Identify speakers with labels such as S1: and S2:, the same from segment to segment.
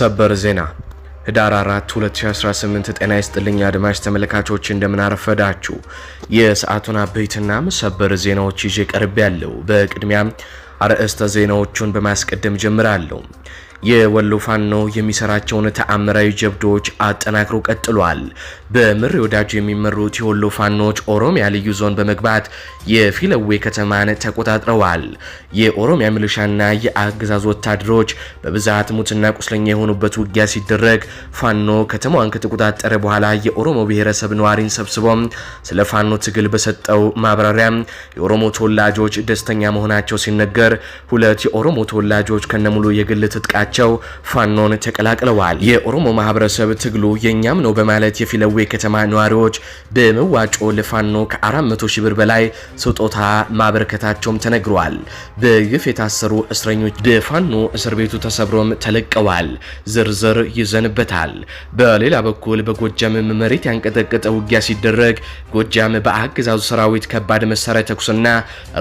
S1: ሰበር ዜና ህዳር 4 2018። ጤና ይስጥልኝ አድማጭ ተመልካቾች እንደምን አረፈዳችሁ። የሰዓቱን አበይትና ሰበር ዜናዎች ይዤ ቀርቤ ያለው። በቅድሚያም አርዕስተ ዜናዎቹን በማስቀደም ጀምራለሁ። የወሎ ፋኖ የሚሰራቸውን ተአምራዊ ጀብዶች አጠናክሮ ቀጥሏል። በምሬ ወዳጁ የሚመሩት የወሎ ፋኖች ኦሮሚያ ልዩ ዞን በመግባት የፊለዌ ከተማን ተቆጣጥረዋል። የኦሮሚያ ሚሊሻና የአገዛዝ ወታደሮች በብዛት ሙትና ቁስለኛ የሆኑበት ውጊያ ሲደረግ ፋኖ ከተማዋን ከተቆጣጠረ በኋላ የኦሮሞ ብሔረሰብ ነዋሪን ሰብስቦ ስለ ፋኖ ትግል በሰጠው ማብራሪያ የኦሮሞ ተወላጆች ደስተኛ መሆናቸው ሲነገር፣ ሁለት የኦሮሞ ተወላጆች ከነሙሉ የግል ትጥቃቸው በመሆናቸው ፋኖን ተቀላቅለዋል። የኦሮሞ ማህበረሰብ ትግሉ የእኛም ነው በማለት የፊለዌ ከተማ ነዋሪዎች በመዋጮ ለፋኖ ከ400 ሺህ ብር በላይ ስጦታ ማበረከታቸውም ተነግሯል። በግፍ የታሰሩ እስረኞች በፋኖ እስር ቤቱ ተሰብሮም ተለቀዋል። ዝርዝር ይዘንበታል። በሌላ በኩል በጎጃም መሬት ያንቀጠቀጠ ውጊያ ሲደረግ ጎጃም በአገዛዙ ሰራዊት ከባድ መሳሪያ ተኩስና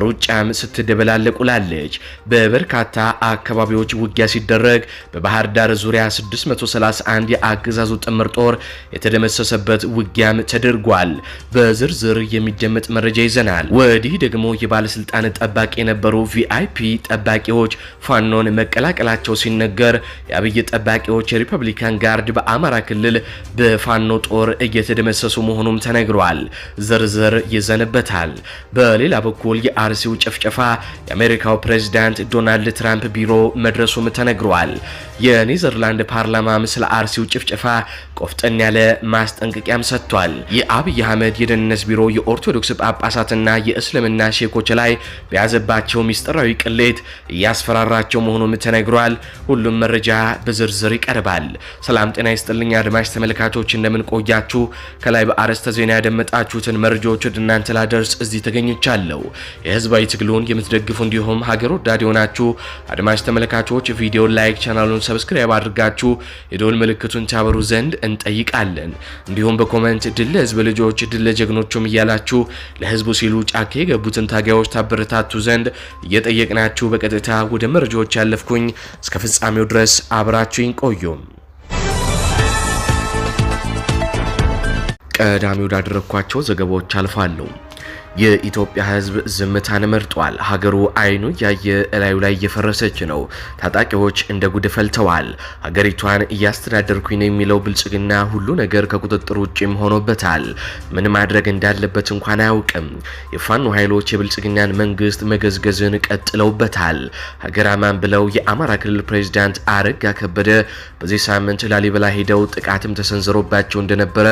S1: ሩጫም ስትደበላለቁላለች። በበርካታ አካባቢዎች ውጊያ ሲደረግ በማድረግ በባህር ዳር ዙሪያ 631 የአገዛዙ ጥምር ጦር የተደመሰሰበት ውጊያም ተደርጓል። በዝርዝር የሚደመጥ መረጃ ይዘናል። ወዲህ ደግሞ የባለስልጣን ጠባቂ የነበሩ ቪአይፒ ጠባቂዎች ፋኖን መቀላቀላቸው ሲነገር የአብይ ጠባቂዎች የሪፐብሊካን ጋርድ በአማራ ክልል በፋኖ ጦር እየተደመሰሱ መሆኑም ተነግሯል። ዝርዝር ይዘንበታል። በሌላ በኩል የአርሲው ጭፍጨፋ የአሜሪካው ፕሬዝዳንት ዶናልድ ትራምፕ ቢሮ መድረሱም ተነግሯል። canal. የኔዘርላንድ ፓርላማ ስለ አርሲው ጭፍጨፋ ቆፍጠን ያለ ማስጠንቀቂያም ሰጥቷል። የአብይ አህመድ የደህንነት ቢሮ የኦርቶዶክስ ጳጳሳትና የእስልምና ሼኮች ላይ በያዘባቸው ሚስጥራዊ ቅሌት እያስፈራራቸው መሆኑም ተነግሯል። ሁሉም መረጃ በዝርዝር ይቀርባል። ሰላም ጤና ይስጥልኝ አድማጭ ተመልካቾች፣ እንደምን ቆያችሁ? ከላይ በአርዕስተ ዜና ያደመጣችሁትን መረጃዎች ወደ እናንተ ላደርስ እዚህ ተገኝቻለሁ። የህዝባዊ ትግሉን የምትደግፉ እንዲሁም ሀገር ወዳድ የሆናችሁ አድማጭ ተመልካቾች ቪዲዮ ላይክ ቻናሉን ሰብስክራይብ አድርጋችሁ የደወል ምልክቱን ታበሩ ዘንድ እንጠይቃለን። እንዲሁም በኮመንት ድል ለህዝብ ልጆች ድል ለጀግኖቹም እያላችሁ ለህዝቡ ሲሉ ጫካ የገቡትን ታጋዮች ታበረታቱ ዘንድ እየጠየቅናችሁ በቀጥታ ወደ መረጃዎች ያለፍኩኝ እስከ ፍጻሜው ድረስ አብራችሁኝ ቆዩም። ቀዳሚ ወዳደረግኳቸው ዘገባዎች አልፋለሁ። የኢትዮጵያ ህዝብ ዝምታን መርጧል። ሀገሩ አይኑ ያየ እላዩ ላይ እየፈረሰች ነው። ታጣቂዎች እንደ ጉድ ፈልተዋል። ሀገሪቷን እያስተዳደርኩኝ ነው የሚለው ብልጽግና ሁሉ ነገር ከቁጥጥር ውጭም ሆኖበታል። ምን ማድረግ እንዳለበት እንኳን አያውቅም። የፋኖ ኃይሎች የብልጽግናን መንግስት መገዝገዝን ቀጥለውበታል። ሀገር አማን ብለው የአማራ ክልል ፕሬዚዳንት አረጋ ከበደ በዚህ ሳምንት ላሊበላ ሄደው ጥቃትም ተሰንዝሮባቸው እንደነበረ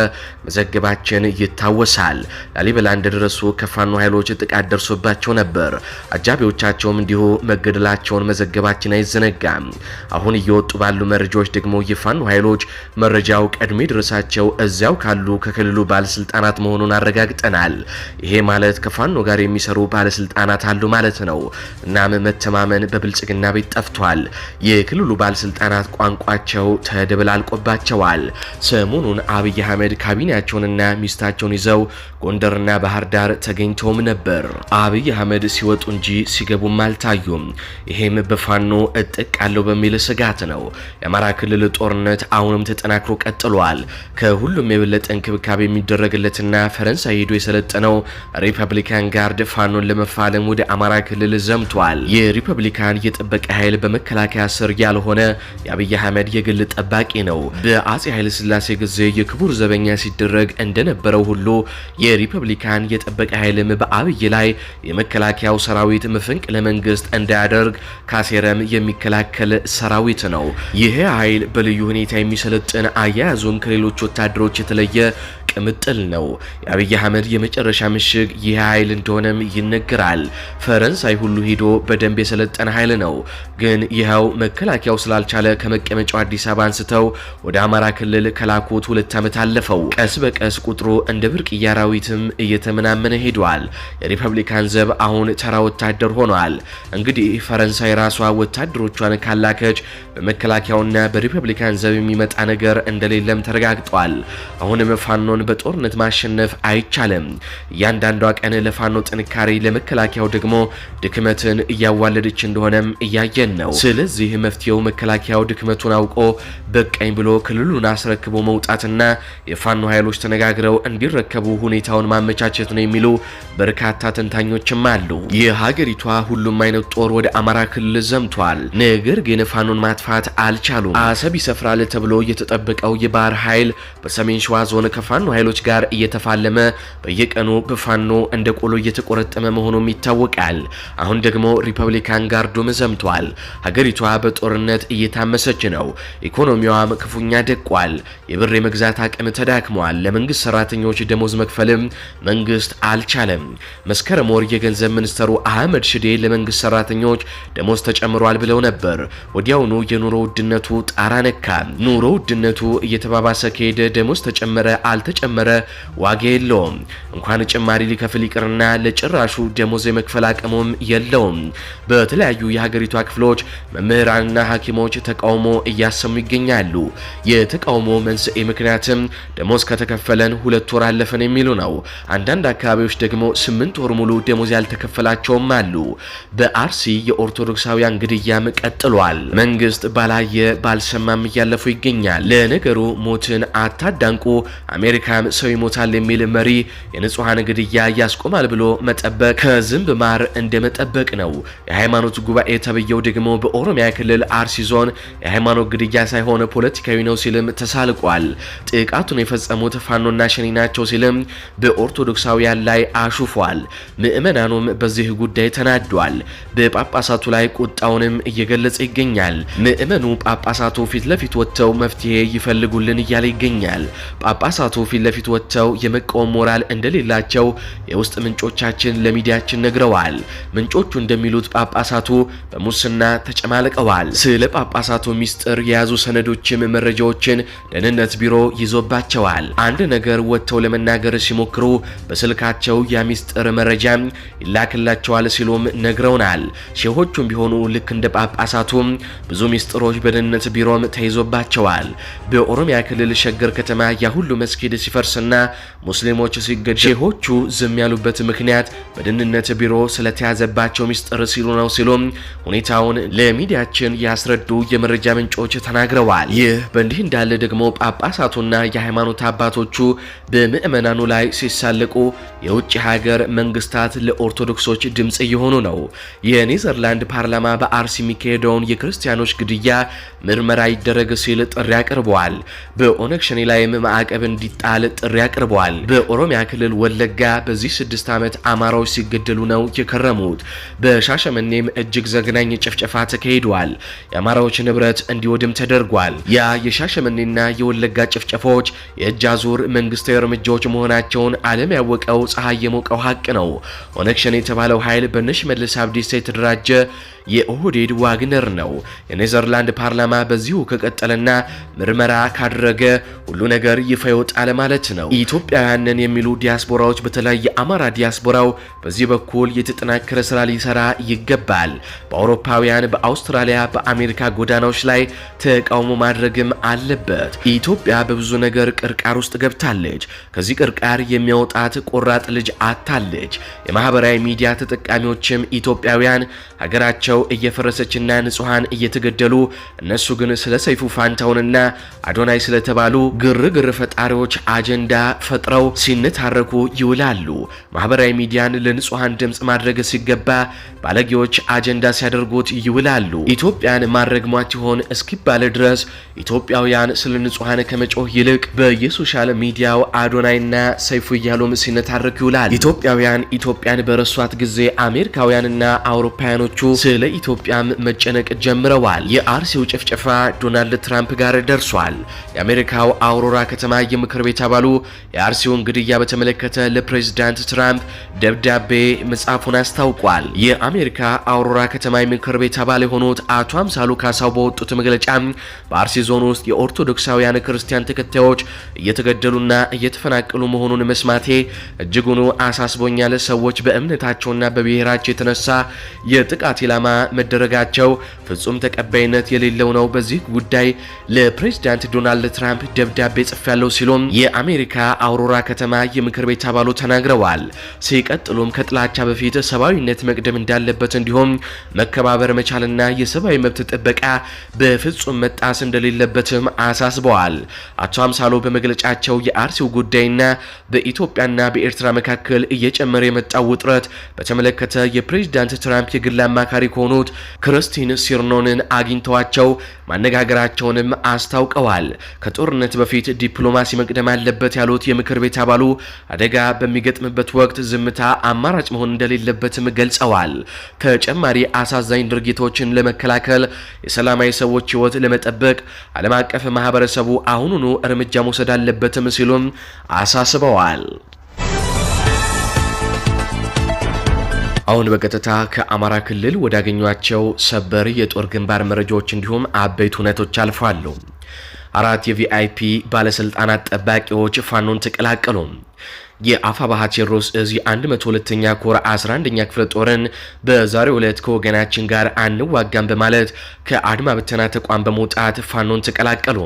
S1: መዘገባችን ይታወሳል። ላሊበላ እንደደረሱ ከፋ የፋኖ ኃይሎች ጥቃት ደርሶባቸው ነበር። አጃቢዎቻቸውም እንዲሁ መገደላቸውን መዘገባችን አይዘነጋም። አሁን እየወጡ ባሉ መረጃዎች ደግሞ የፋኖ ኃይሎች መረጃው ቀድሞ ድረሳቸው እዚያው ካሉ ከክልሉ ባለስልጣናት መሆኑን አረጋግጠናል። ይሄ ማለት ከፋኖ ጋር የሚሰሩ ባለስልጣናት አሉ ማለት ነው። እናም መተማመን በብልጽግና ቤት ጠፍቷል። የክልሉ ባለስልጣናት ቋንቋቸው ተደበላልቆባቸዋል። ሰሞኑን አብይ አህመድ ካቢኔያቸውንና ሚስታቸውን ይዘው ጎንደርና ባህር ዳር ተገኝተውም ነበር። አብይ አህመድ ሲወጡ እንጂ ሲገቡም አልታዩም። ይሄም በፋኖ እጥቅ አለው በሚል ስጋት ነው። የአማራ ክልል ጦርነት አሁንም ተጠናክሮ ቀጥሏል። ከሁሉም የበለጠ እንክብካቤ የሚደረግለትና ፈረንሳይ ሄዶ የሰለጠነው ሪፐብሊካን ጋርድ ፋኖን ለመፋለም ወደ አማራ ክልል ዘምቷል። የሪፐብሊካን የጥበቀ ኃይል በመከላከያ ስር ያልሆነ የአብይ አህመድ የግል ጠባቂ ነው። በአጼ ኃይለስላሴ ስላሴ ጊዜ የክቡር ዘበኛ ሲደረግ እንደነበረው ሁሉ የሪፐብሊካን የጥበቃ ኃይልም በአብይ ላይ የመከላከያው ሰራዊት መፈንቅለ መንግስት እንዳያደርግ ካሴረም የሚከላከል ሰራዊት ነው። ይሄ ኃይል በልዩ ሁኔታ የሚሰለጥን አያያዙም ከሌሎች ወታደሮች የተለየ ቅምጥል ነው። የአብይ አህመድ የመጨረሻ ምሽግ ይህ ኃይል እንደሆነም ይነገራል። ፈረንሳይ ሁሉ ሂዶ በደንብ የሰለጠነ ኃይል ነው። ግን ይኸው መከላከያው ስላልቻለ ከመቀመጫው አዲስ አበባ አንስተው ወደ አማራ ክልል ከላኩት ሁለት ዓመት አለፈው። ቀስ በቀስ ቁጥሩ እንደ ብርቅዬ አራዊትም እየተመናመነ ሄዷል። የሪፐብሊካን ዘብ አሁን ተራ ወታደር ሆኗል። እንግዲህ ፈረንሳይ ራሷ ወታደሮቿን ካላከች በመከላከያውና በሪፐብሊካን ዘብ የሚመጣ ነገር እንደሌለም ተረጋግጧል። አሁንም ፋኖ ፋኖን በጦርነት ማሸነፍ አይቻልም። እያንዳንዷ ቀን ለፋኖ ጥንካሬ፣ ለመከላከያው ደግሞ ድክመትን እያዋለደች እንደሆነም እያየን ነው። ስለዚህ መፍትሄው መከላከያው ድክመቱን አውቆ በቃኝ ብሎ ክልሉን አስረክቦ መውጣትና የፋኖ ኃይሎች ተነጋግረው እንዲረከቡ ሁኔታውን ማመቻቸት ነው የሚሉ በርካታ ተንታኞችም አሉ። የሀገሪቷ ሁሉም አይነት ጦር ወደ አማራ ክልል ዘምቷል። ነገር ግን ፋኖን ማጥፋት አልቻሉም። አሰብ ይሰፍራል ተብሎ የተጠበቀው የባህር ኃይል በሰሜን ሸዋ ዞን ከፋኖ ከፋኖ ኃይሎች ጋር እየተፋለመ በየቀኑ በፋኖ እንደ ቆሎ እየተቆረጠመ መሆኑም ይታወቃል። አሁን ደግሞ ሪፐብሊካን ጋርዱም ዘምቷል። ሀገሪቷ በጦርነት እየታመሰች ነው። ኢኮኖሚዋም ክፉኛ ደቋል። የብር የመግዛት አቅም ተዳክሟል። ለመንግስት ሰራተኞች ደሞዝ መክፈልም መንግስት አልቻለም። መስከረም ወር የገንዘብ ሚኒስተሩ አህመድ ሽዴ ለመንግስት ሰራተኞች ደሞዝ ተጨምሯል ብለው ነበር። ወዲያውኑ የኑሮ ውድነቱ ጣራ ነካ። ኑሮ ውድነቱ እየተባባሰ ከሄደ ደሞዝ ተጨመረ አልተ ስለጨመረ ዋጋ የለውም። እንኳን ጭማሪ ሊከፍል ይቅርና ለጭራሹ ደሞዝ የመክፈል አቅሙም የለውም። በተለያዩ የሀገሪቷ ክፍሎች መምህራንና ሐኪሞች ተቃውሞ እያሰሙ ይገኛሉ። የተቃውሞ መንስኤ ምክንያትም ደሞዝ ከተከፈለን ሁለት ወር አለፈን የሚሉ ነው። አንዳንድ አካባቢዎች ደግሞ ስምንት ወር ሙሉ ደሞዝ ያልተከፈላቸውም አሉ። በአርሲ የኦርቶዶክሳውያን ግድያም ቀጥሏል። መንግስት ባላየ ባልሰማም እያለፉ ይገኛል። ለነገሩ ሞትን አታዳንቁ አሜሪካ አሜሪካም ሰው ይሞታል የሚል መሪ የንጹሐን ግድያ ያስቆማል ብሎ መጠበቅ ከዝንብ ማር እንደመጠበቅ ነው። የሃይማኖት ጉባኤ ተብየው ደግሞ በኦሮሚያ ክልል አርሲ ዞን የሃይማኖት ግድያ ሳይሆን ፖለቲካዊ ነው ሲልም ተሳልቋል። ጥቃቱን የፈጸሙት ፋኖና ሸኒ ናቸው ሲልም በኦርቶዶክሳውያን ላይ አሹፏል። ምዕመናኑም በዚህ ጉዳይ ተናዷል። በጳጳሳቱ ላይ ቁጣውንም እየገለጸ ይገኛል። ምዕመኑ ጳጳሳቱ ፊት ለፊት ወጥተው መፍትሄ ይፈልጉልን እያለ ይገኛል። ጳጳሳቱ ፊት ፊት ለፊት ወጥተው የመቃወም ሞራል እንደሌላቸው የውስጥ ምንጮቻችን ለሚዲያችን ነግረዋል። ምንጮቹ እንደሚሉት ጳጳሳቱ በሙስና ተጨማልቀዋል። ስለ ጳጳሳቱ ሚስጥር የያዙ ሰነዶችም መረጃዎችን ደህንነት ቢሮ ይዞባቸዋል። አንድ ነገር ወጥተው ለመናገር ሲሞክሩ በስልካቸው ያ ሚስጥር መረጃ ይላክላቸዋል ሲሉም ነግረውናል። ሼሆቹም ቢሆኑ ልክ እንደ ጳጳሳቱ ብዙ ሚስጥሮች በደህንነት ቢሮም ተይዞባቸዋል። በኦሮሚያ ክልል ሸገር ከተማ ያ ሁሉ መስጊድ ሲፈርስና ሙስሊሞች ሲገደሉ ሼሆቹ ዝም ያሉበት ምክንያት በደህንነት ቢሮ ስለተያዘባቸው ሚስጥር ሲሉ ነው ሲሉም ሁኔታውን ለሚዲያችን ያስረዱ የመረጃ ምንጮች ተናግረዋል። ይህ በእንዲህ እንዳለ ደግሞ ጳጳሳቱና የሃይማኖት አባቶቹ በምዕመናኑ ላይ ሲሳለቁ የውጭ ሀገር መንግስታት ለኦርቶዶክሶች ድምፅ እየሆኑ ነው። የኔዘርላንድ ፓርላማ በአርሲ የሚካሄደውን የክርስቲያኖች ግድያ ምርመራ ይደረግ ሲል ጥሪ አቅርበዋል። በኦነግ ሸኔ ላይም ማዕቀብ እንዲጣል በዓል ጥሪ አቅርበዋል። በኦሮሚያ ክልል ወለጋ በዚህ ስድስት ዓመት አማራዎች ሲገደሉ ነው የከረሙት። በሻሸመኔም እጅግ ዘግናኝ ጭፍጨፋ ተካሂደዋል። የአማራዎች ንብረት እንዲወድም ተደርጓል። ያ የሻሸመኔና የወለጋ ጭፍጨፋዎች የእጅ አዙር መንግስታዊ እርምጃዎች መሆናቸውን ዓለም ያወቀው ፀሐይ የሞቀው ሀቅ ነው። ኦነግ ሸኔ የተባለው ኃይል በነሽ መልስ አብዲሳ የተደራጀ የኦህዴድ ዋግነር ነው። የኔዘርላንድ ፓርላማ በዚሁ ከቀጠለና ምርመራ ካደረገ ሁሉ ነገር ይፋ ይወጣል ማለት ነው። ኢትዮጵያውያንን የሚሉ ዲያስፖራዎች በተለያየ የአማራ ዲያስፖራው በዚህ በኩል የተጠናከረ ስራ ሊሰራ ይገባል። በአውሮፓውያን፣ በአውስትራሊያ፣ በአሜሪካ ጎዳናዎች ላይ ተቃውሞ ማድረግም አለበት። ኢትዮጵያ በብዙ ነገር ቅርቃር ውስጥ ገብታለች። ከዚህ ቅርቃር የሚያወጣት ቆራጥ ልጅ አታለች። የማህበራዊ ሚዲያ ተጠቃሚዎችም ኢትዮጵያውያን ሀገራቸው እየፈረሰችና ንጹሐን እየተገደሉ እነሱ ግን ስለ ሰይፉ ፋንታውንና አዶናይ ስለተባሉ ግርግር ፈጣሪዎች አጀንዳ ፈጥረው ሲነታረኩ ይውላሉ። ማህበራዊ ሚዲያን ለንጹሐን ድምፅ ማድረግ ሲገባ ባለጌዎች አጀንዳ ሲያደርጉት ይውላሉ። ኢትዮጵያን ማረግሟት ይሆን እስኪባል ድረስ ኢትዮጵያውያን ስለ ንጹሐን ከመጮህ ይልቅ በየሶሻል ሚዲያው አዶናይና ሰይፉ እያሉም ሲነታረኩ ይውላል። ኢትዮጵያውያን ኢትዮጵያን በረሷት ጊዜ አሜሪካውያንና አውሮፓውያኖቹ ስለ ኢትዮጵያም መጨነቅ ጀምረዋል። የአርሲው ጭፍጨፋ ዶናልድ ትራምፕ ጋር ደርሷል። የአሜሪካው አውሮራ ከተማ የምክር ቤት የተባሉ የአርሲውን ግድያ በተመለከተ ለፕሬዝዳንት ትራምፕ ደብዳቤ መጻፉን አስታውቋል። የአሜሪካ አውሮራ ከተማ የምክር ቤት አባል የሆኑት አቶ አምሳሉ ካሳው በወጡት መግለጫ በአርሲ ዞን ውስጥ የኦርቶዶክሳውያን ክርስቲያን ተከታዮች እየተገደሉና እየተፈናቀሉ መሆኑን መስማቴ እጅጉኑ አሳስቦኛል። ሰዎች በእምነታቸውና በብሔራቸው የተነሳ የጥቃት ኢላማ መደረጋቸው ፍጹም ተቀባይነት የሌለው ነው። በዚህ ጉዳይ ለፕሬዝዳንት ዶናልድ ትራምፕ ደብዳቤ ጽፌያለሁ ሲሉም የአሜሪካ አውሮራ ከተማ የምክር ቤት አባሉ ተናግረዋል። ሲቀጥሉም ከጥላቻ በፊት ሰብአዊነት መቅደም እንዳለበት እንዲሁም መከባበር መቻልና የሰብአዊ መብት ጥበቃ በፍጹም መጣስ እንደሌለበትም አሳስበዋል። አቶ አምሳሎ በመግለጫቸው የአርሲው ጉዳይና በኢትዮጵያና በኤርትራ መካከል እየጨመረ የመጣው ውጥረት በተመለከተ የፕሬዚዳንት ትራምፕ የግል አማካሪ ከሆኑት ክርስቲን ሲርኖንን አግኝተዋቸው ማነጋገራቸውንም አስታውቀዋል። ከጦርነት በፊት ዲፕሎማሲ መቅደም አለበት ያሉት የምክር ቤት አባሉ አደጋ በሚገጥምበት ወቅት ዝምታ አማራጭ መሆን እንደሌለበትም ገልጸዋል። ተጨማሪ አሳዛኝ ድርጊቶችን ለመከላከል የሰላማዊ ሰዎች ህይወት ለመጠበቅ ዓለም አቀፍ ማህበረሰቡ አሁኑኑ እርምጃ መውሰድ አለበትም ሲሉም አሳስበዋል። አሁን በቀጥታ ከአማራ ክልል ወዳገኟቸው ሰበር የጦር ግንባር መረጃዎች እንዲሁም አበይት ሁነቶች አልፏሉ። አራት የቪአይፒ ባለስልጣናት ጠባቂዎች ፋኖን ተቀላቀሉ። የአፋ ባህ ቴዎድሮስ እዝ የ102ኛ ኮር 11ኛ ክፍለ ጦርን በዛሬው ዕለት ከወገናችን ጋር አንዋጋም በማለት ከአድማ ብተና ተቋም በመውጣት ፋኖን ተቀላቀሉ።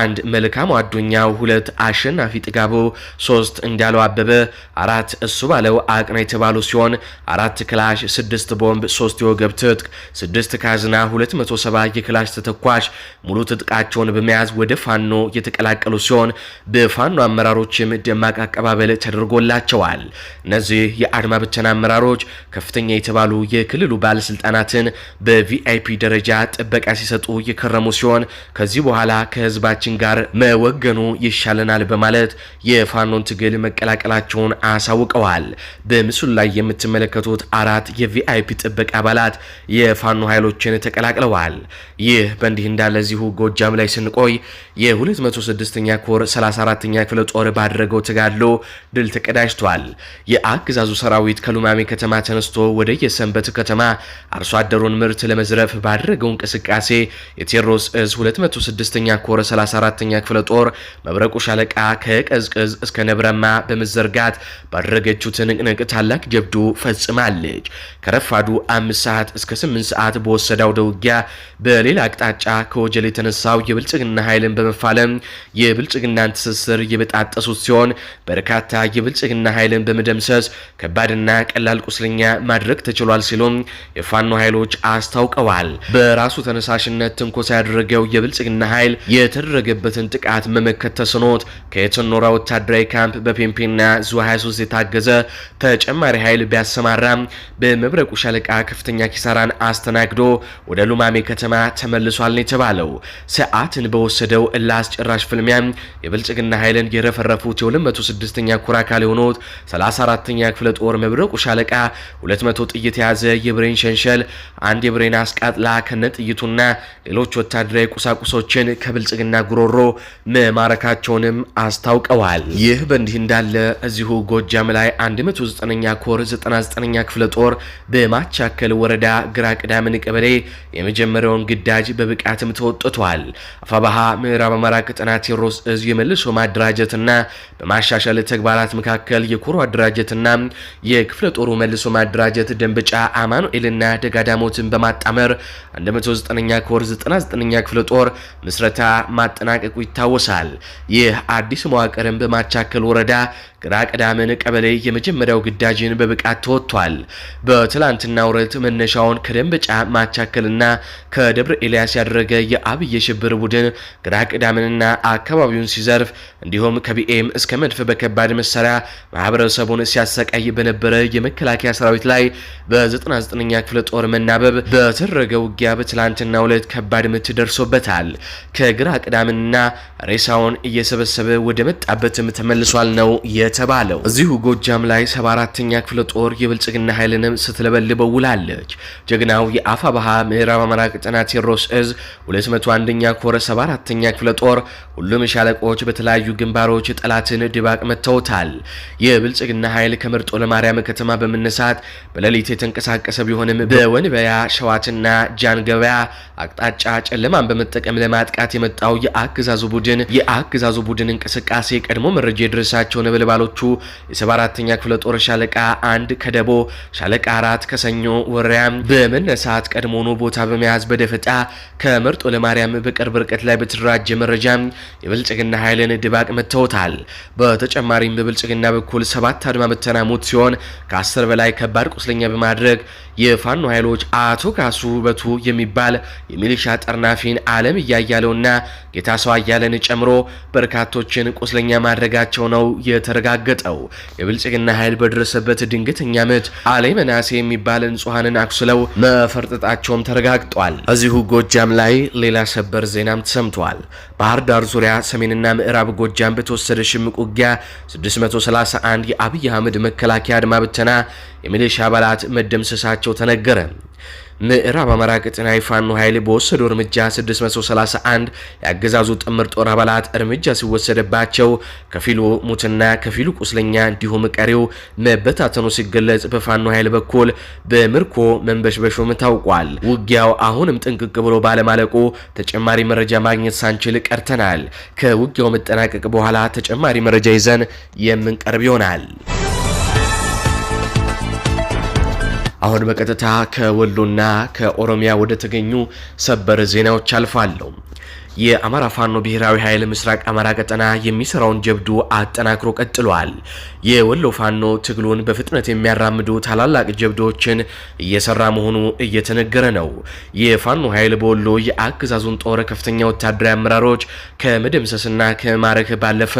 S1: አንድ መልካሙ አዱኛው፣ ሁለት አሸናፊ ጥጋቡ፣ ሶስት እንዳለው አበበ፣ አራት እሱ ባለው አቅና የተባሉ ሲሆን አራት ክላሽ፣ ስድስት ቦምብ፣ ሶስት የወገብ ትጥቅ፣ ስድስት ካዝና፣ 270 የክላሽ ተተኳሽ ሙሉ ትጥቃቸውን በመያዝ ወደ ፋኖ የተቀላቀሉ ሲሆን በፋኖ አመራሮችም ደማቅ አቀባበል ተደርጎላቸዋል። እነዚህ የአድማ ብተና አመራሮች ከፍተኛ የተባሉ የክልሉ ባለስልጣናትን በቪአይፒ ደረጃ ጥበቃ ሲሰጡ የከረሙ ሲሆን ከዚህ በኋላ ከህዝባ ከህዝባችን ጋር መወገኑ ይሻለናል በማለት የፋኖን ትግል መቀላቀላቸውን አሳውቀዋል። በምስሉ ላይ የምትመለከቱት አራት የቪአይፒ ጥበቃ አባላት የፋኖ ኃይሎችን ተቀላቅለዋል። ይህ በእንዲህ እንዳለ እዚሁ ጎጃም ላይ ስንቆይ የ206ኛ ኮር 34ኛ ክፍለ ጦር ባደረገው ተጋድሎ ድል ተቀዳጅቷል። የአገዛዙ ሰራዊት ከሉማሜ ከተማ ተነስቶ ወደ የሰንበት ከተማ አርሶ አደሩን ምርት ለመዝረፍ ባደረገው እንቅስቃሴ የቴዎድሮስ እዝ 206ኛ ኮር 34ኛ ክፍለ ጦር መብረቁ ሻለቃ ከቀዝቅዝ እስከ ነብረማ በመዘርጋት ባደረገችው ትንቅንቅ ታላቅ ጀብዱ ፈጽማለች። ከረፋዱ አምስት ሰዓት እስከ 8 ሰዓት በወሰደው ደውጊያ በሌላ አቅጣጫ ከወጀል የተነሳው የብልጽግና ኃይልን በመፋለም የብልጽግናን ትስስር የበጣጠሱት ሲሆን በርካታ የብልጽግና ኃይልን በመደምሰስ ከባድና ቀላል ቁስለኛ ማድረግ ተችሏል ሲሉም የፋኖ ኃይሎች አስታውቀዋል። በራሱ ተነሳሽነት ትንኮሳ ያደረገው የብልጽግና ኃይል የተደረገ የተደረገበትን ጥቃት መመከት ተስኖት ከየትኖራ ወታደራዊ ካምፕ በፔምፔና ዙ 23 የታገዘ ተጨማሪ ኃይል ቢያሰማራም በመብረቁ ሻለቃ ከፍተኛ ኪሳራን አስተናግዶ ወደ ሉማሜ ከተማ ተመልሷል ነው የተባለው። ሰዓትን በወሰደው ላስጨራሽ ፍልሚያ የብልጽግና ኃይልን የረፈረፉት የ206ኛ ኩር አካል የሆኑት 34ኛ ክፍለ ጦር መብረቁ ሻለቃ 200 ጥይት የያዘ የብሬን ሸንሸል አንድ የብሬን አስቃጥላ ከነ ጥይቱና ሌሎች ወታደራዊ ቁሳቁሶችን ከብልጽግና ጉሮሮ መማረካቸውንም አስታውቀዋል። ይህ በእንዲህ እንዳለ እዚሁ ጎጃም ላይ 109ኛ ኮር 99ኛ ክፍለ ጦር በማቻከል ወረዳ ግራ ቅዳምን ቀበሌ የመጀመሪያውን ግዳጅ በብቃትም ተወጥቷል። አፋባሃ ምዕራብ አማራ ቅጠና ቴዎድሮስ እዝ የመልሶ ማደራጀትና በማሻሻል ተግባራት መካከል የኮሮ አደራጀትና የክፍለ ጦሩ መልሶ ማደራጀት ደንበጫ አማኑኤልና ደጋዳሞትን በማጣመር 109ኛ ኮር 99ኛ ክፍለ ጦር ምስረታ ማጠናቀቁ ይታወሳል። ይህ አዲስ መዋቅርን በማቻከል ወረዳ ግራ ቀዳምን ቀበሌ የመጀመሪያው ግዳጅን በብቃት ተወጥቷል። በትላንትና ውረት መነሻውን ከደንበጫ ማቻከልና ከደብረ ኤልያስ ያደረገ የአብይ ሽብር ቡድን ግራ ቀዳምንና አካባቢውን ሲዘርፍ እንዲሁም ከቢኤም እስከ መድፍ በከባድ መሳሪያ ማህበረሰቡን ሲያሰቃይ በነበረ የመከላከያ ሰራዊት ላይ በ99ኛ ክፍለ ጦር መናበብ በተደረገ ውጊያ በትላንትና ውለት ከባድ ምት ደርሶበታል። ከግራ ቀዳም ሰላምና ሬሳውን እየሰበሰበ ወደ መጣበትም ተመልሷል ነው የተባለው። እዚሁ ጎጃም ላይ 74ኛ ክፍለ ጦር የብልጽግና ኃይልንም ስትለበልበው ውላለች። ጀግናው የአፋ ባሃ ምዕራብ አማራ ቀጠና ቴዎድሮስ እዝ 201ኛ ኮረ 74ኛ ክፍለ ጦር ሁሉም ሻለቆች በተለያዩ ግንባሮች ጠላትን ድባቅ መተውታል። የብልጽግና ኃይል ከምርጦ ለማርያም ከተማ በመነሳት በሌሊት የተንቀሳቀሰ ቢሆንም በወንበያ ሸዋትና ጃን ገበያ አቅጣጫ ጨለማን በመጠቀም ለማጥቃት የመጣው የአገዛዙ ቡድን የአገዛዙ ቡድን እንቅስቃሴ ቀድሞ መረጃ የደረሳቸው ነበልባሎቹ የ74ኛ ክፍለ ጦር ሻለቃ አንድ ከደቦ ሻለቃ አራት ከሰኞ ወሪያም በመነሳት ቀድሞውኑ ቦታ በመያዝ በደፈጣ ከመርጦ ለማርያም በቅርብ ርቀት ላይ በተደራጀ መረጃ የብልጽግና ኃይልን ድባቅ መተውታል። በተጨማሪም በብልጽግና በኩል ሰባት አድማ ብተና ሙት ሲሆን ከአስር በላይ ከባድ ቁስለኛ በማድረግ የፋኖ ኃይሎች አቶ ካሱ በቱ የሚባል የሚሊሻ ጠርናፊን አለም እያያለውና ጌታሰው አያለን ጨምሮ በርካቶችን ቁስለኛ ማድረጋቸው ነው የተረጋገጠው። የብልጽግና ኃይል በደረሰበት ድንገተኛ ምት አሌ መናሴ የሚባል ንጹሐንን አኩስለው መፈርጠጣቸውም ተረጋግጧል። እዚሁ ጎጃም ላይ ሌላ ሰበር ዜናም ተሰምቷል። ባህር ዳር ዙሪያ ሰሜንና ምዕራብ ጎጃም በተወሰደ ሽምቅ ውጊያ 631 የአብይ አህመድ መከላከያ አድማ ብተና የሚሊሻ አባላት መደምሰሳቸው ተነገረ። ምዕራብ አማራ ቅጥና የፋኖ ኃይል በወሰዱ እርምጃ 631 የአገዛዙ ጥምር ጦር አባላት እርምጃ ሲወሰደባቸው ከፊሉ ሙትና ከፊሉ ቁስለኛ እንዲሁም ቀሪው መበታተኑ ሲገለጽ በፋኖ ኃይል በኩል በምርኮ መንበሽበሹም ታውቋል። ውጊያው አሁንም ጥንቅቅ ብሎ ባለማለቁ ተጨማሪ መረጃ ማግኘት ሳንችል ቀርተናል። ከውጊያው መጠናቀቅ በኋላ ተጨማሪ መረጃ ይዘን የምንቀርብ ይሆናል። አሁን በቀጥታ ከወሎና ከኦሮሚያ ወደ ተገኙ ሰበር ዜናዎች አልፋለሁ። የአማራ ፋኖ ብሔራዊ ኃይል ምስራቅ አማራ ቀጠና የሚሰራውን ጀብዱ አጠናክሮ ቀጥሏል። የወሎ ፋኖ ትግሉን በፍጥነት የሚያራምዱ ታላላቅ ጀብዶችን እየሰራ መሆኑ እየተነገረ ነው። የፋኖ ኃይል በወሎ የአገዛዙን ጦር ከፍተኛ ወታደራዊ አመራሮች ከመደምሰስና ከማረክ ባለፈ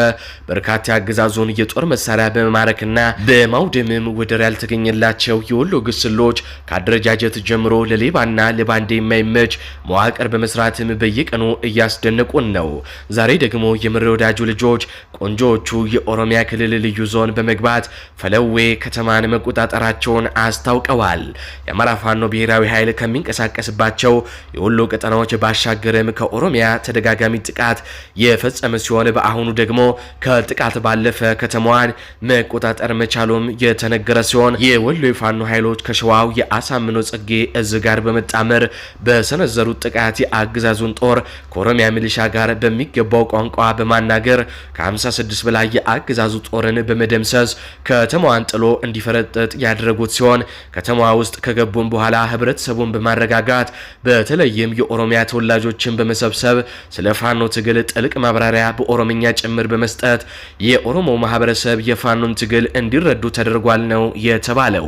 S1: በርካታ የአገዛዙን የጦር መሳሪያ በማረክና በማውደምም ወደር ያልተገኘላቸው የወሎ ግስሎች ከአደረጃጀት ጀምሮ ለሌባና ለባንዴ የማይመች መዋቅር በመስራትም በየቀኑ እያ እያስደነቁን ነው። ዛሬ ደግሞ የምሬ ወዳጁ ልጆች ቆንጆዎቹ የኦሮሚያ ክልል ልዩ ዞን በመግባት ፈለዌ ከተማን መቆጣጠራቸውን አስታውቀዋል። የአማራ ፋኖ ብሔራዊ ኃይል ከሚንቀሳቀስባቸው የወሎ ቀጠናዎች ባሻገርም ከኦሮሚያ ተደጋጋሚ ጥቃት የፈጸመ ሲሆን በአሁኑ ደግሞ ከጥቃት ባለፈ ከተማዋን መቆጣጠር መቻሉም የተነገረ ሲሆን የወሎ የፋኖ ኃይሎች ከሸዋው የአሳምኖ ጽጌ እዝ ጋር በመጣመር በሰነዘሩት ጥቃት የአገዛዙን ጦር ኮረ ከኦሮሚያ ሚሊሻ ጋር በሚገባው ቋንቋ በማናገር ከ56 በላይ የአገዛዙ ጦርን በመደምሰስ ከተማዋን ጥሎ እንዲፈረጠጥ ያደረጉት ሲሆን ከተማዋ ውስጥ ከገቡም በኋላ ህብረተሰቡን በማረጋጋት በተለይም የኦሮሚያ ተወላጆችን በመሰብሰብ ስለ ፋኖ ትግል ጥልቅ ማብራሪያ በኦሮምኛ ጭምር በመስጠት የኦሮሞ ማህበረሰብ የፋኖን ትግል እንዲረዱ ተደርጓል ነው የተባለው።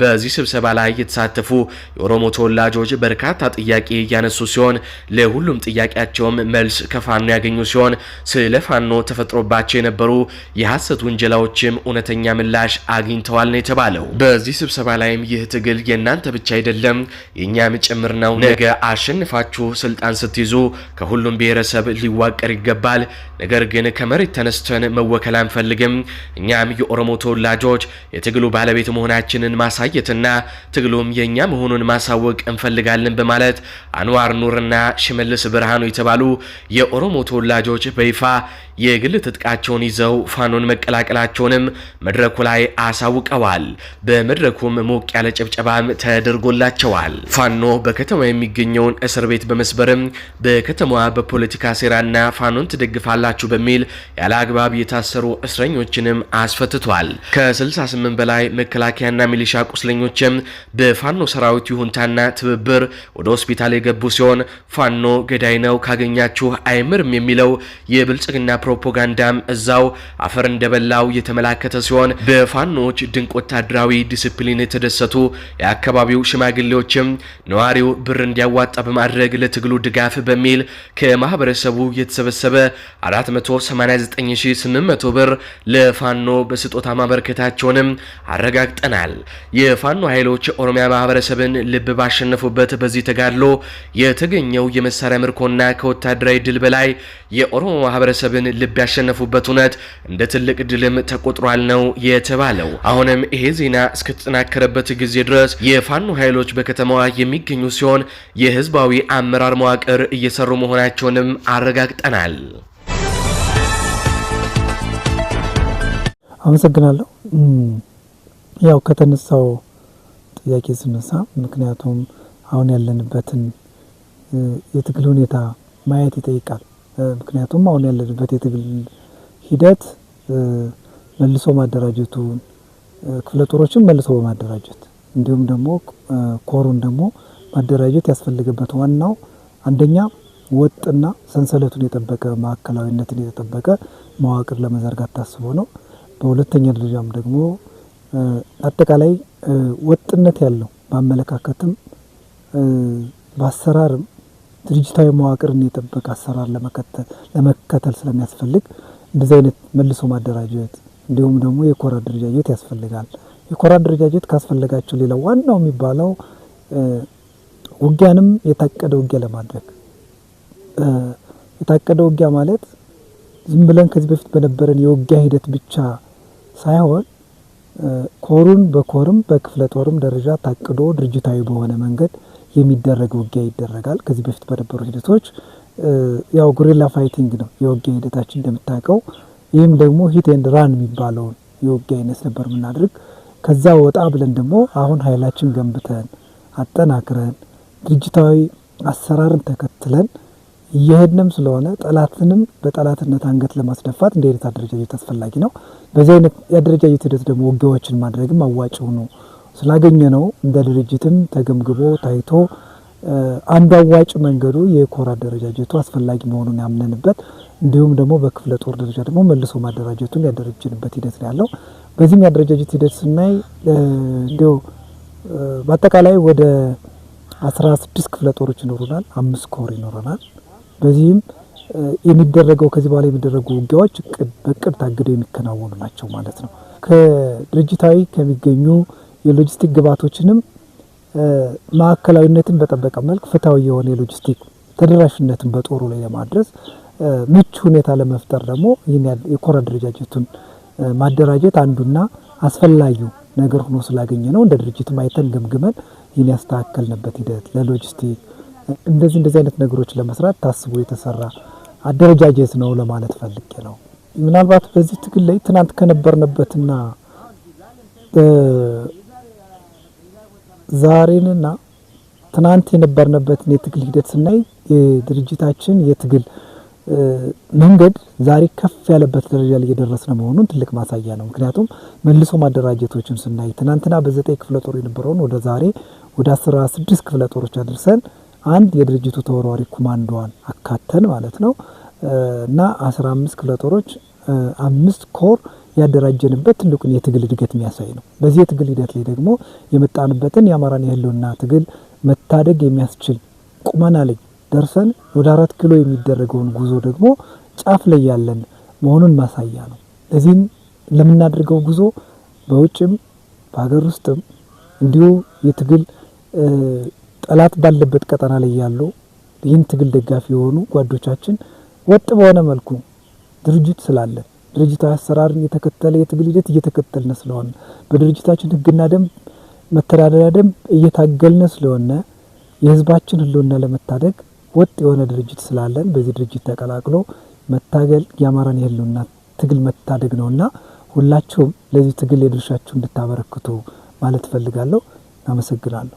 S1: በዚህ ስብሰባ ላይ የተሳተፉ የኦሮሞ ተወላጆች በርካታ ጥያቄ እያነሱ ሲሆን ለሁሉም ጥያቄያቸው ጥያቄያቸውም መልስ ከፋኖ ያገኙ ሲሆን ስለ ፋኖ ተፈጥሮባቸው የነበሩ የሐሰት ውንጀላዎችም እውነተኛ ምላሽ አግኝተዋል ነው የተባለው። በዚህ ስብሰባ ላይም ይህ ትግል የእናንተ ብቻ አይደለም የእኛም ጭምር ነው። ነገ አሸንፋችሁ ስልጣን ስትይዙ ከሁሉም ብሔረሰብ ሊዋቀር ይገባል። ነገር ግን ከመሬት ተነስተን መወከል አንፈልግም። እኛም የኦሮሞ ተወላጆች የትግሉ ባለቤት መሆናችንን ማሳየትና ትግሉም የእኛ መሆኑን ማሳወቅ እንፈልጋለን በማለት አንዋር ኑርና ሽመልስ ብርሃኑ የተባ የተባሉ የኦሮሞ ተወላጆች በይፋ የግል ትጥቃቸውን ይዘው ፋኖን መቀላቀላቸውንም መድረኩ ላይ አሳውቀዋል። በመድረኩም ሞቅ ያለ ጭብጨባም ተደርጎላቸዋል። ፋኖ በከተማ የሚገኘውን እስር ቤት በመስበርም በከተማዋ በፖለቲካ ሴራና ፋኖን ትደግፋላችሁ በሚል ያለ አግባብ የታሰሩ እስረኞችንም አስፈትቷል። ከ68 በላይ መከላከያና ሚሊሻ ቁስለኞችም በፋኖ ሰራዊት ይሁንታና ትብብር ወደ ሆስፒታል የገቡ ሲሆን ፋኖ ገዳይ ነው ካገኛችሁ አይምርም የሚለው የብልጽግና ፕሮ ፕሮፓጋንዳም እዛው አፈር እንደበላው የተመላከተ ሲሆን በፋኖች ድንቅ ወታደራዊ ዲስፕሊን የተደሰቱ የአካባቢው ሽማግሌዎችም ነዋሪው ብር እንዲያዋጣ በማድረግ ለትግሉ ድጋፍ በሚል ከማህበረሰቡ የተሰበሰበ 489800 ብር ለፋኖ በስጦታ ማበረከታቸውንም አረጋግጠናል። የፋኖ ኃይሎች ኦሮሚያ ማህበረሰብን ልብ ባሸነፉበት በዚህ ተጋድሎ የተገኘው የመሳሪያ ምርኮና ከወታደራዊ ድል በላይ የኦሮሞ ማህበረሰብን ልብ ያሸነፉበት እውነት እንደ ትልቅ ድልም ተቆጥሯል ነው የተባለው። አሁንም ይሄ ዜና እስከተጠናከረበት ጊዜ ድረስ የፋኖ ኃይሎች በከተማዋ የሚገኙ ሲሆን የህዝባዊ አመራር መዋቅር እየሰሩ መሆናቸውንም አረጋግጠናል።
S2: አመሰግናለሁ። ያው ከተነሳው ጥያቄ ስነሳ ምክንያቱም አሁን ያለንበትን የትግል ሁኔታ ማየት ይጠይቃል። ምክንያቱም አሁን ያለንበት የትግል ሂደት መልሶ ማደራጀቱን ክፍለ ጦሮችን መልሶ በማደራጀት እንዲሁም ደግሞ ኮሩን ደግሞ ማደራጀት ያስፈልገበት ዋናው አንደኛ ወጥና ሰንሰለቱን የጠበቀ ማዕከላዊነትን የተጠበቀ መዋቅር ለመዘርጋት ታስቦ ነው። በሁለተኛ ደረጃም ደግሞ አጠቃላይ ወጥነት ያለው በአመለካከትም በአሰራርም ድርጅታዊ መዋቅርን የጠበቀ አሰራር ለመከተል ስለሚያስፈልግ እንደዚህ አይነት መልሶ ማደራጀት እንዲሁም ደግሞ የኮር አደረጃጀት ያስፈልጋል። የኮር አደረጃጀት ካስፈለጋቸው ሌላ ዋናው የሚባለው ውጊያንም የታቀደ ውጊያ ለማድረግ የታቀደ ውጊያ ማለት ዝም ብለን ከዚህ በፊት በነበረን የውጊያ ሂደት ብቻ ሳይሆን ኮሩን በኮርም በክፍለ ጦርም ደረጃ ታቅዶ ድርጅታዊ በሆነ መንገድ የሚደረግ ውጊያ ይደረጋል። ከዚህ በፊት በነበሩ ሂደቶች ያው ጉሪላ ፋይቲንግ ነው የውጊያ ሂደታችን እንደምታውቀው። ይህም ደግሞ ሂት ኤንድ ራን የሚባለውን የውጊያ አይነት ነበር የምናደርግ። ከዛ ወጣ ብለን ደግሞ አሁን ኃይላችን ገንብተን አጠናክረን ድርጅታዊ አሰራርን ተከትለን እየሄድንም ስለሆነ ጠላትንም በጠላትነት አንገት ለማስደፋት እንዲህ አይነት አደረጃጀት አስፈላጊ ነው። በዚህ አይነት የአደረጃጀት ሂደት ደግሞ ውጊያዎችን ማድረግም አዋጭ ሆኖ ስላገኘ ነው እንደ ድርጅትም ተገምግሞ ታይቶ አንዱ አዋጭ መንገዱ የኮር አደረጃጀቱ አስፈላጊ መሆኑን ያምነንበት እንዲሁም ደግሞ በክፍለ ጦር ደረጃ ደግሞ መልሶ ማደራጀቱን ያደረጅንበት ሂደት ነው ያለው። በዚህም ያደረጃጀት ሂደት ስናይ እንዲሁ በአጠቃላይ ወደ አስራ ስድስት ክፍለ ጦሮች ይኖሩናል፣ አምስት ኮር ይኖረናል። በዚህም የሚደረገው ከዚህ በኋላ የሚደረጉ ውጊያዎች በቅድ ታግደው የሚከናወኑ ናቸው ማለት ነው ከድርጅታዊ ከሚገኙ የሎጂስቲክ ግብዓቶችንም ማዕከላዊነትን በጠበቀ መልክ ፍትሐዊ የሆነ የሎጂስቲክ ተደራሽነትን በጦሩ ላይ ለማድረስ ምቹ ሁኔታ ለመፍጠር ደግሞ ይህን የኮር አደረጃጀቱን ማደራጀት አንዱና አስፈላጊው ነገር ሆኖ ስላገኘ ነው። እንደ ድርጅት አይተን ገምግመን ይህን ያስተካከልንበት ሂደት ለሎጂስቲክ እንደዚህ እንደዚህ አይነት ነገሮች ለመስራት ታስቦ የተሰራ አደረጃጀት ነው ለማለት ፈልጌ ነው። ምናልባት በዚህ ትግል ላይ ትናንት ከነበርንበትና ዛሬንና ትናንት የነበርንበትን የትግል ሂደት ስናይ የድርጅታችን የትግል መንገድ ዛሬ ከፍ ያለበት ደረጃ ላይ እየደረስነ መሆኑን ትልቅ ማሳያ ነው። ምክንያቱም መልሶ ማደራጀቶችን ስናይ ትናንትና በዘጠኝ ክፍለ ጦር የነበረውን ወደ ዛሬ ወደ አስራ ስድስት ክፍለ ጦሮች አድርሰን አንድ የድርጅቱ ተወርዋሪ ኮማንዶዋን አካተን ማለት ነው እና አስራ አምስት ክፍለ ጦሮች አምስት ኮር ያደራጀንበት ትልቁን የትግል እድገት የሚያሳይ ነው። በዚህ የትግል ሂደት ላይ ደግሞ የመጣንበትን የአማራን የህልውና ትግል መታደግ የሚያስችል ቁመና ላይ ደርሰን ወደ አራት ኪሎ የሚደረገውን ጉዞ ደግሞ ጫፍ ላይ ያለን መሆኑን ማሳያ ነው። እዚህም ለምናደርገው ጉዞ በውጭም በሀገር ውስጥም እንዲሁ የትግል ጠላት ባለበት ቀጠና ላይ ያሉ ይህን ትግል ደጋፊ የሆኑ ጓዶቻችን ወጥ በሆነ መልኩ ድርጅት ስላለን ድርጅት አሰራርን የተከተለ የትግል ሂደት እየተከተልን ስለሆነ በድርጅታችን ህግና ደንብ መተዳደሪያ ደንብ እየታገልነ ስለሆነ የህዝባችን ህልውና ለመታደግ ወጥ የሆነ ድርጅት ስላለን በዚህ ድርጅት ተቀላቅሎ መታገል የአማራን የህልውና ትግል መታደግ ነውና ሁላችሁም ለዚህ ትግል የድርሻችሁ እንድታበረክቱ ማለት እፈልጋለሁ። አመሰግናለሁ።